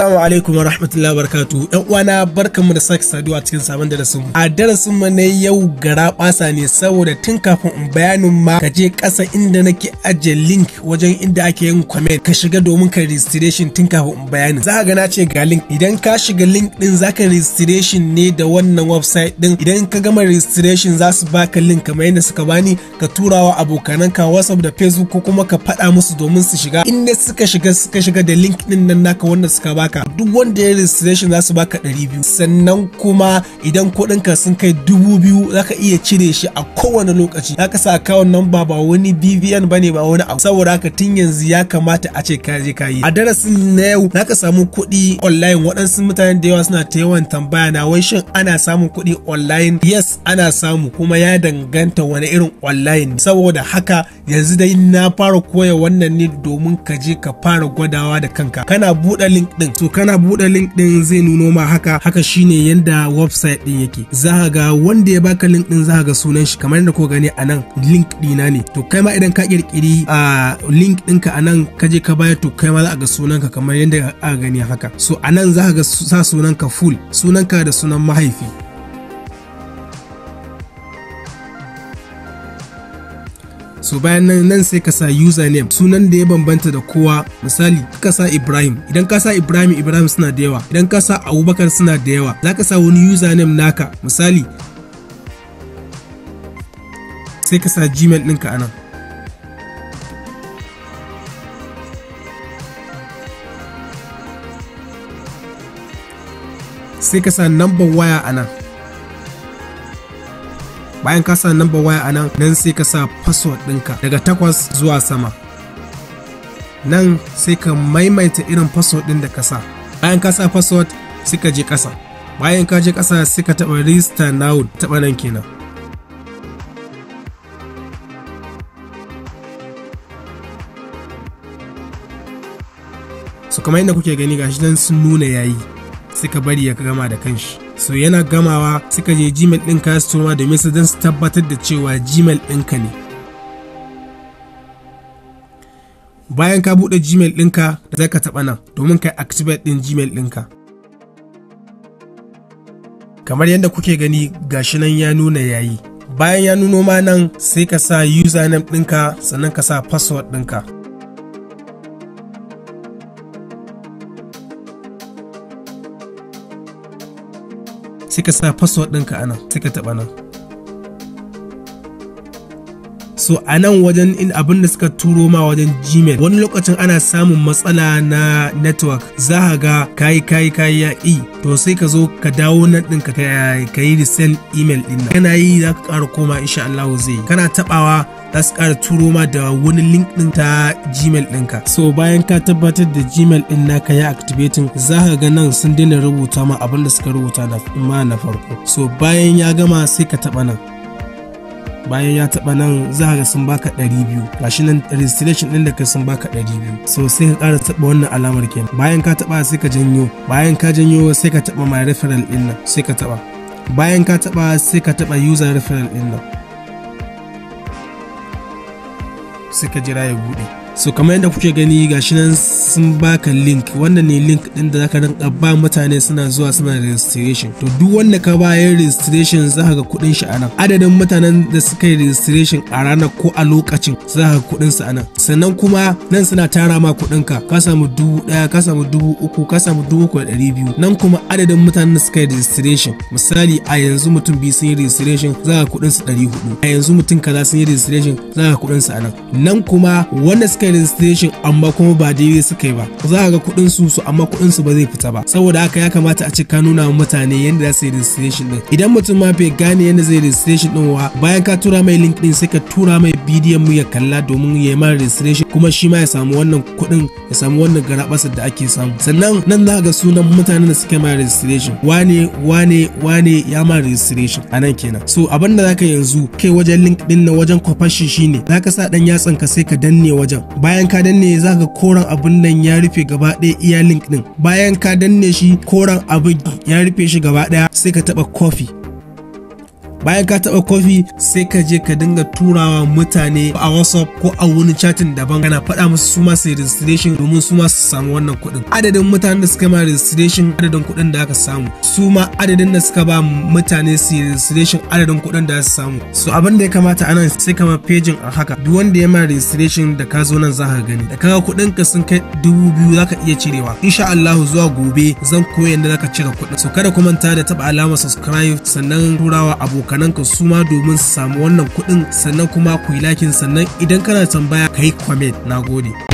Assalamu alaikum wa rahmatullahi wa barakatu. ‘Yan uwana mu da sake saduwa cikin sabon darasin mu. A darasin mu na yau gara basa ne saboda tun kafin in bayanin ma ka je ƙasa inda nake ajiye link wajen inda ake yin comment ka shiga domin ka registration tun kafin in bayanin. Za ka ga na ce ga link idan ka shiga link din za ka registration ne da wannan website din idan ka gama registration za su baka link kamar yadda suka bani ka turawa abokananka WhatsApp da Facebook ko kuma ka faɗa musu domin su shiga. Inda suka shiga suka shiga da link din nan naka wanda suka baka baka duk wanda ya registration za su baka 200 sannan kuma idan kuɗinka sun kai 2000 zaka iya cire shi a kowane lokaci zaka sa account number ba wani BVN bane ba wani abu saboda haka tun yanzu ya kamata a ce ka je ka yi a darasin na yau zaka samu kuɗi online waɗansu mutane da yawa suna ta yawan tambaya na wai shin ana samun kuɗi online yes ana samu kuma ya danganta wani irin online saboda haka yanzu dai na fara koya wannan ne domin ka je ka fara gwadawa da kanka kana buɗe link ɗin to kana buɗe link ɗin zai nuno ma haka haka shine yanda website ɗin yake za ga wanda ya baka link ɗin za ka ga sunan shi kamar yadda ko gani a nan link ɗina ne to kai ma idan ka kirkiri a link ɗinka a nan ka je ka bayar to kai ma za a ga sunanka kamar yadda aka gani haka so a nan za ka ga sa sunanka full sunanka da sunan mahaifi so bayan nan nan sai ka sa username sunan da ya bambanta da kowa misali ka sa ibrahim idan ka sa ibrahim ibrahim suna da yawa idan ka sa abubakar suna da yawa za ka sa wani username naka misali sai ka sa gmail ɗinka a nan sai ka sa number waya a nan bayan ka sa number waya a nan nan sai ka sa password ɗinka daga takwas zuwa sama nan sai ka maimaita irin password ɗin da ka sa bayan ka sa password sai ka je ƙasa bayan ka je ƙasa sai ka taɓa register now taɓa nan kenan so kamar yadda kuke gani gashi nan sun nuna yayi sai ka bari ya gama da kanshi so yana gamawa suka je gmail ɗinka customer da domin su don su tabbatar da cewa gmail ɗinka ne bayan ka buɗe gmail ɗinka da za ka taɓa nan domin ka activate ɗin gmail ɗinka kamar yadda kuke gani gashi nan ya nuna yayi bayan ya nuno ma nan sai ka sa username ɗinka sannan ka sa password ɗinka sai ka sa password ɗinka a nan sai ka taɓa nan so a nan wajen in abin da suka turo ma wajen gmail wani lokacin ana samun matsala na network za ka ga kayi kayi kayi ya to sai ka zo ka dawo nan din ka ka yi resend email din nan kana yi za ka ƙara koma insha Allah zai kana tabawa za su ƙara turo ma da wani link din ta gmail ɗinka so bayan ka tabbatar da gmail din ka ya activating za ka ga nan sun daina rubuta ma abin da suka rubuta da ma na farko so bayan ya gama sai ka taba nan bayan ya taɓa nan za ga sun baka ɗari biyu gashi nan registration ɗin da kai sun baka ɗari biyu so sai ka ƙara taɓa wannan alamar kenan bayan ka taɓa sai ka janyo bayan ka janyo sai ka taɓa my referral ɗin nan sai ka taɓa bayan ka taɓa sai ka taɓa user referral ɗin nan sai ka jira ya buɗe so kamar yadda kuke gani gashi nan sun baka link wannan ne link din da zaka rinka ba mutane suna zuwa suna registration to duk wanda ka bayar registration zaka ga kuɗin shi anan adadin mutanen da suka yi registration a ranar ko a lokacin zaka ga kuɗin su anan sannan kuma nan suna tara ma kuɗin ka ka samu dubu ɗaya ka samu dubu uku ka samu dubu uku da ɗari biyu nan kuma adadin mutanen da suka yi registration misali a yanzu mutum biyu sun yi registration za ka kuɗin su ɗari hudu a yanzu mutum kaza sun yi registration za ka kuɗin su anan nan kuma wanda suka yi registration amma kuma ba daidai suka kai ba za a ga kuɗin su su amma kuɗin su ba zai fita ba saboda haka ya kamata a ce ka nuna wa mutane yadda za su yi registration din idan mutum ma bai gane yadda zai registration din wa bayan ka tura mai link din sai ka tura mai bidiyon mu ya kalla domin ya ma registration kuma shi ma ya samu wannan kuɗin ya samu wannan garabasar da ake samu sannan nan za ga sunan mutanen da suka ma registration wane wane wane ya ma registration a nan kenan so abin da zaka yanzu kai wajen link din na wajen kwafashi shine zaka sa dan yatsan ka sai ka danne wajen bayan ka danne zaka koran abin da nan ya rufe gaba ɗaya iya ɗin bayan ka danne shi koren abin ya rufe shi gaba ɗaya sai ka taɓa kofi bayan ka taba kofi sai ka je ka dinga turawa mutane a whatsapp ko a wani chatin daban kana faɗa musu su ma sai registration domin su ma su samu wannan kuɗin adadin mutanen da suka ma registration adadin kuɗin da aka samu su ma adadin da suka ba mutane su registration adadin kuɗin da su samu so abin da ya kamata anan sai kama pejin a haka duk wanda ya ma registration da ka zo nan za ka gani da kaga kuɗin ka sun kai dubu biyu za ka iya cirewa insha Allah zuwa gobe zan koya yadda za ka cire kuɗin so kada ku manta da taba alamar subscribe sannan turawa abokan abokananka su ma domin su samu wannan kuɗin sannan kuma ku yi lakin sannan idan kana tambaya ka yi comment na gode